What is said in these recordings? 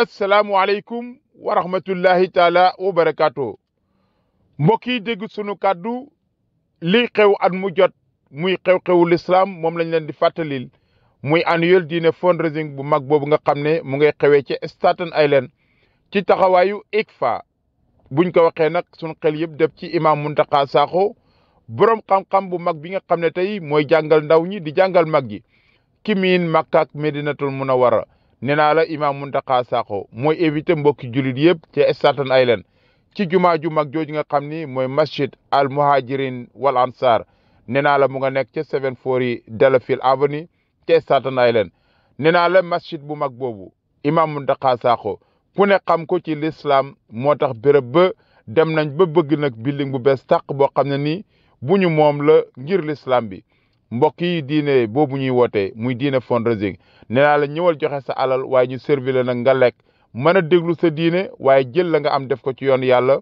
asalaamualeykum wa rahmatullahi taala wa barakaatu mbokk yi dégg sunu kàddu liy xew at mu jot muy xew-xewu lislaam moom lañ leen di fàttalil muy annual dinner fundraising bu mag boobu nga xam ne mu ngay xewee ci Staten Island ci taxawaayu ICFA buñ ko waxee nag sunu xel yëpp def ci imam Muntaqa saako borom xam-xam bu mag bi nga xam ne tey mooy jàngal ndaw ñi di jàngal mag gi ki miin Makka ak Medinatul Munawara nee naa la imam Mountakha Sakho mooy éviter mbokki jullit yëpp ca Staten Island ci jumaa ju mag jooju nga xam ni mooy masjid al muhajirin wal ansar nee naa la mu nga nekk ca 740 Delafield Avenue ca Staten Island nee naa la masjid bu mag boobu imam Mountakha Sakho ku ne xam ko ci lislaam moo tax béréb ba dem nañ ba bëgg nag building bu bees tàq boo xam ne nii bu ñu moom la ngir lislaam bi mbokk yi diine boobu ñuy woote muy diine fundraising nee naa la ñëwal joxe sa alal waaye ñu servi la nag nga lekk mën a déglu sa diine waaye jël la nga am def ko ci yoon yàlla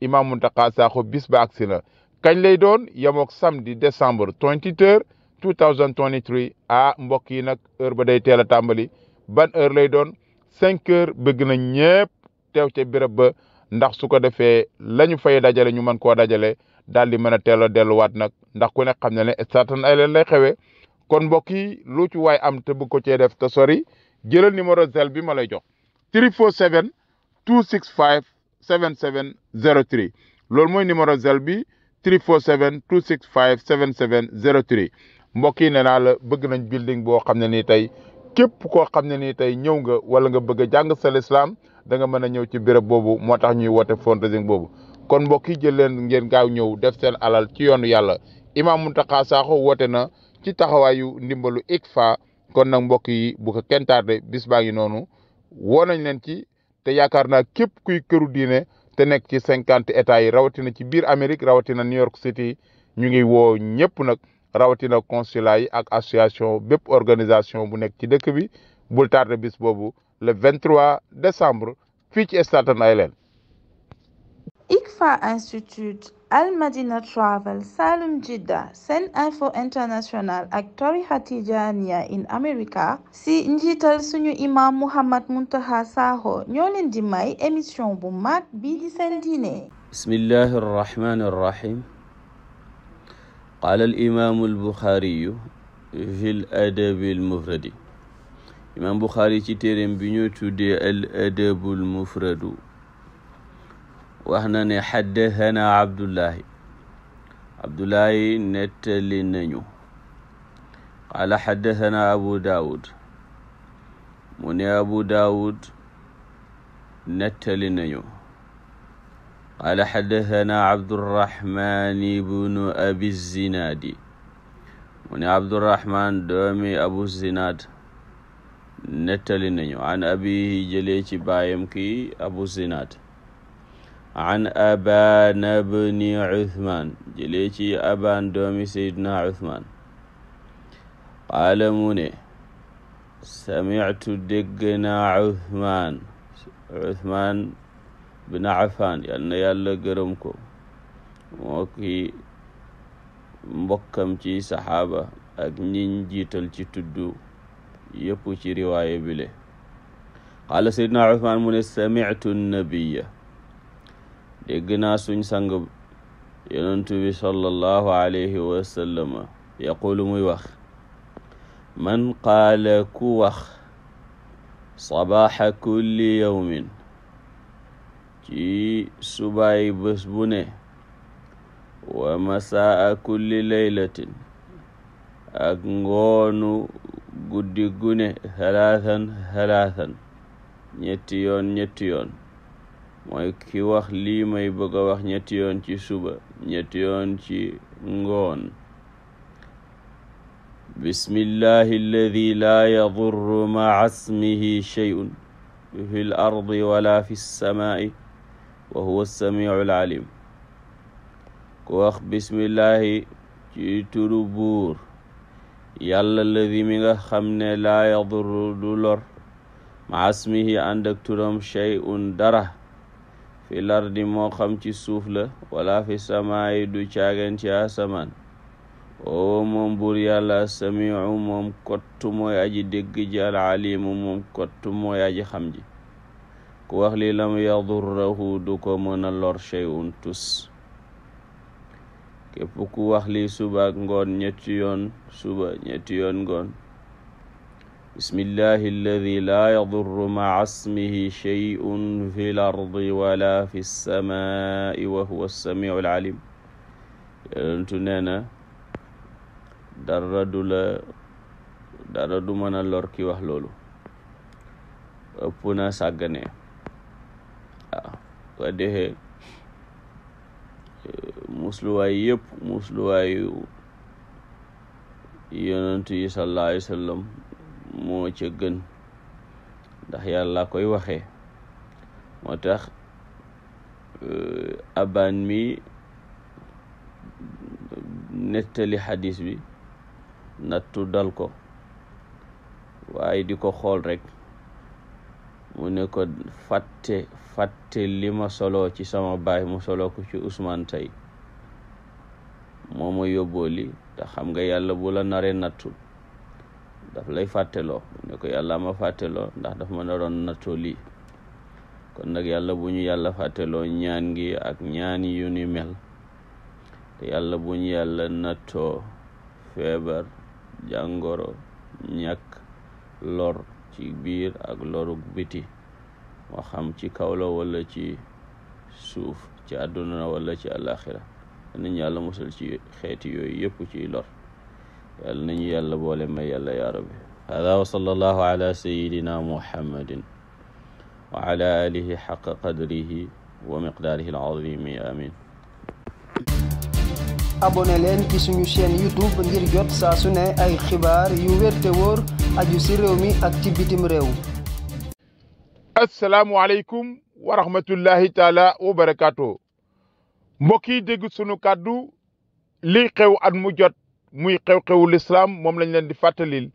Imam Mountakha Sakho bis ba agsi na kañ lay doon yemook samedi décembre 23 2023 ah mbokk yi nag heure ba day teel a tàmbali ban heure lay doon cinq heures bëgg na ñëpp teew ca béréb ba ndax su ko defee la ñu fay dajale ñu mën koo dajale daal di mën a teel a delluwaat nag ndax ku ne xam na ne certain ay leen lay xewee kon mbokk yi lu ci waay am te bëgg ko cee def te sori jëlal numéro zel bi ma lay jox 347 265 7703 loolu mooy numéro zel bi 347 265 7703 mbokk yi nee naa la bëgg nañ building boo xam ne ni tey képp koo xam ne nii tey ñëw nga wala nga bëgg a jàng sa lislaam da nga mën a ñëw ci béréb boobu moo tax ñuy woote fundraising boobu kon mbokk yi jël leen ngeen gaaw ñëw def seen alal ci yoonu yàlla Imam Mountakha Sakho woote na ci taxawaayu ndimbalu ICFA kon nag mbokk yi bu ko kenn tardé bis baa ngi noonu woo nañ leen ci te yaakaar naa képp kuy këru diine te nekk ci cinquante états yi rawatina ci biir Amérique rawatina New York City ñu ngi woo ñëpp nag rawatina consulat ak association bépp organisation bu nekk ci dëkk bi bul tardé bis boobu le vingt trois décembre fii ci Staten Island ITFA institute al madina travel salum jidda sen info international ak tarixa tijaaniya in america si njiital suñu imam muhammad muntaha sakho ñoo di may émission bu mag bii di seen diine bismillahi arrahmani arrahim qaala al imaamu l adabi al ci téeréem bi ñoo tuddee al adabu al mufradu wax na ne xaddathana abdullahi abdullahi nettali nañu qaala xaddathana abu daawud mu ne abu daawud nettali nañu qaala xaddathana abdurrahmani ibnu abi zinaadi mu ne abdurrahman doomi abu zinaad nettali nañu an abihi jëlee ci baayam ki abu zinaad an abana bni uthman jëlee ci aban doomi sayidna uthman qaala mu ne samictu dégg naa uthman uthman bin affan yal na yàlla gërëm ko moo ki mbokkam ci saxaaba ak ñiñ jiital ci tuddu yëpp ci riwaaya bile qaala sayidna uthman mu ne samictu nabiya dégg naa suñ sang yonentu bi sallallahu alayhi wa sallama yaqulu muy wax man qaala ku wax sabaxa kulli yawmin ci subaay bés ne wa masaa kulli laylatin ak ngoonu guddi gune halaathan halaathan ñetti yoon yoon ki wax lii may bëgg a wax ñetti yoon ci suba ñetti yoon ci ngoon bismillahi alladi laa yadurru maca ismihi shay'un fi l wala fi lsamaai wa huwa alsamiu alalim ku wax bismillahi ci turu buur yàlla alladi mi nga xam ne laa yadurru du lor maca ismihi ànd ak turam shay'un dara fi lardi moo xam ci suuf la wala fi samaayi du caagan ci asamaan oo moom buur yàlla samiu moom kott mooy aji dégg ji al alimu moom kott mooy aji xam ji ku wax li lam yadurrahu du ko mën a lor shay'un tus képp ku wax li ngoon ñetti yoon suba ngoon bismillahi alladi laa yadurru maca smihi shay'un fi lardi wala fi samaai wa huwa samiu alalim yonentu nee na dara du la dara du mën a lor ki wax loolu ëpp na sàggane waaw waa defee musluwaay yëpp musluwaayu yonentu yi sallallahu alayhi wa sallam moo ca gën ndax yàlla koy waxee moo tax euh, aban mi nettali xadis bi nattu dal ko waaye di ko xool rek mu ne ko fàtte fàtte li ma soloo ci sama baay mu soloo ko ci Ousmane tey moo ma yóbboo li xam nga yàlla bu la naree nattu daf lay fàtteloo ne ko yàlla ma fàtteloo ndax daf ma naroon nattoo lii kon nag yàlla bu ñu yàlla fàtteloo ñaan gi ak ñaan yu mel te yàlla bu ñu yàlla nattoo feebar jàngoro ñàkk lor ci biir ak loru biti moo xam ci kaw la ci suuf ci àdduna wala ci àllaaxira nañ yàlla musal ci xeeti yooyu yëpp ci lor yàlla nañu yàlla boole may yàlla yaa rabbi hada wa sallallahu ala sayidina muhammadin wa ala alihi xaqa qadrihi wa miqdaarihi alazimi amin abonné leen ci suñu chaîne youtube ngir jot saa su ne ay xibaar yu wér te wóor aju si réew mi ak ci bitim réew asalaamualeykum wa rahmatullahi taala wa barakaatu mbokk yi dégg sunu kàddu lii xew at mu jot muy xew-xewu lislaam moom lañ leen di fàttalil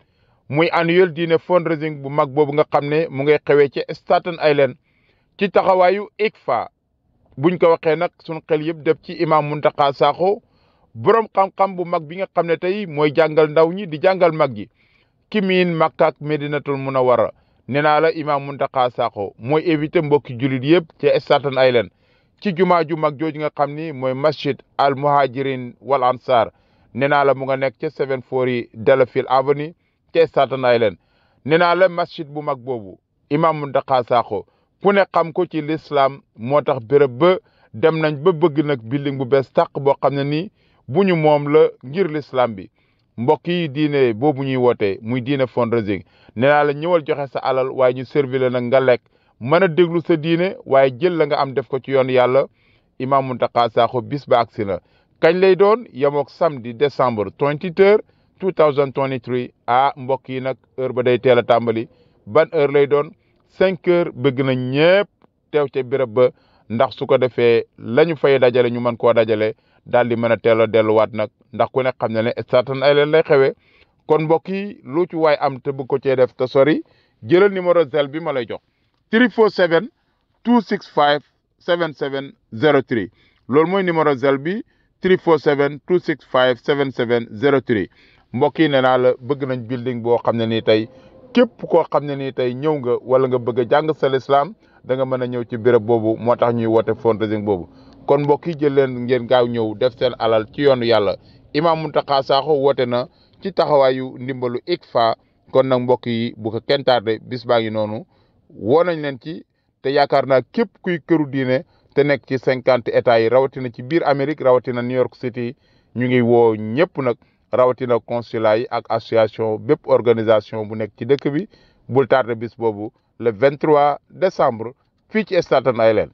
muy diine dîner fundraising bu mag boobu nga xam ne mu ngay xewee ci Staten ayleen ci taxawaayu ICFA buñ ko waxee nag sunu xel yëpp def ci mun Muntaqa saako borom xam-xam bu mag bi nga xam ne tey mooy jàngal ndaw ñi di jàngal mag ji ki miin Makka ak Medinatul Munawwara nee naa la imam Muntaqa saako mooy éviter mbokki jullit yëpp ci Staten Island ci jumaa ju mag jooju nga xam ni mooy masjid al muhajirin wal ansar nee naa la mu nga nekk ca 740 Delafield Avenue ca Staten Island nee naa la masjid bu mag boobu imam Mountakha Sakho ku ne xam ko ci lislaam moo tax béréb ba dem nañ ba bëgg nag building bu bees tàq boo xam ne nii bu ñu moom la ngir lislaam bi mbokk yi diine boobu ñuy wootee muy diine fundraising nee naa la ñëwal joxe sa alal waaye ñu servi nag nga lekk mën a déglu sa diine waaye jël la nga am def ko ci yoon yàlla imam Mountakha Sakho bis ba agsi na kañ lay doon yemook samedi décembre 23 2023 ah mbokk yi nag heure ba day teel a tàmbali ban heure lay doon cinq heures bëgg na ñëpp teew ca béréb ba ndax su ko defee la ñu fay dajale ñu mën koo dajale dal di mën a teel a delluwaat nag ndax ku ne xam na ne certain ay leen lay xewee kon mbokk yi lu ci waay am te bëgg ko cee def te sori jëlal numéro zel bi ma lay jox 347 265 7703 loolu mooy numéro zel bi 347 265 7703 mbokk yi nee naa la bëgg nañ building boo xam ne ni tey képp koo xam ne nii tey ñëw nga wala nga bëgg a jàng sa lislaam da nga mën a ñëw ci béréb boobu moo tax ñuy woote fundraising boobu kon mbokk yi jël ngeen gaaw ñëw def seen alal ci yoonu yàlla Imam Mountakha Sakho woote na ci taxawaayu ndimbalu ICFA kon nag mbokk yi bu ko kenn bis baa ngi noonu woo nañ leen ci te yaakaar naa képp kuy këru diine te nekk ci cinquante états yi rawatina ci biir Amérique rawatina New York City ñu ngi woo ñëpp nag rawatina consulat ak association bépp organisation bu nekk ci dëkk bi bul tardé bis boobu le 23 décembre fii ci Staten Island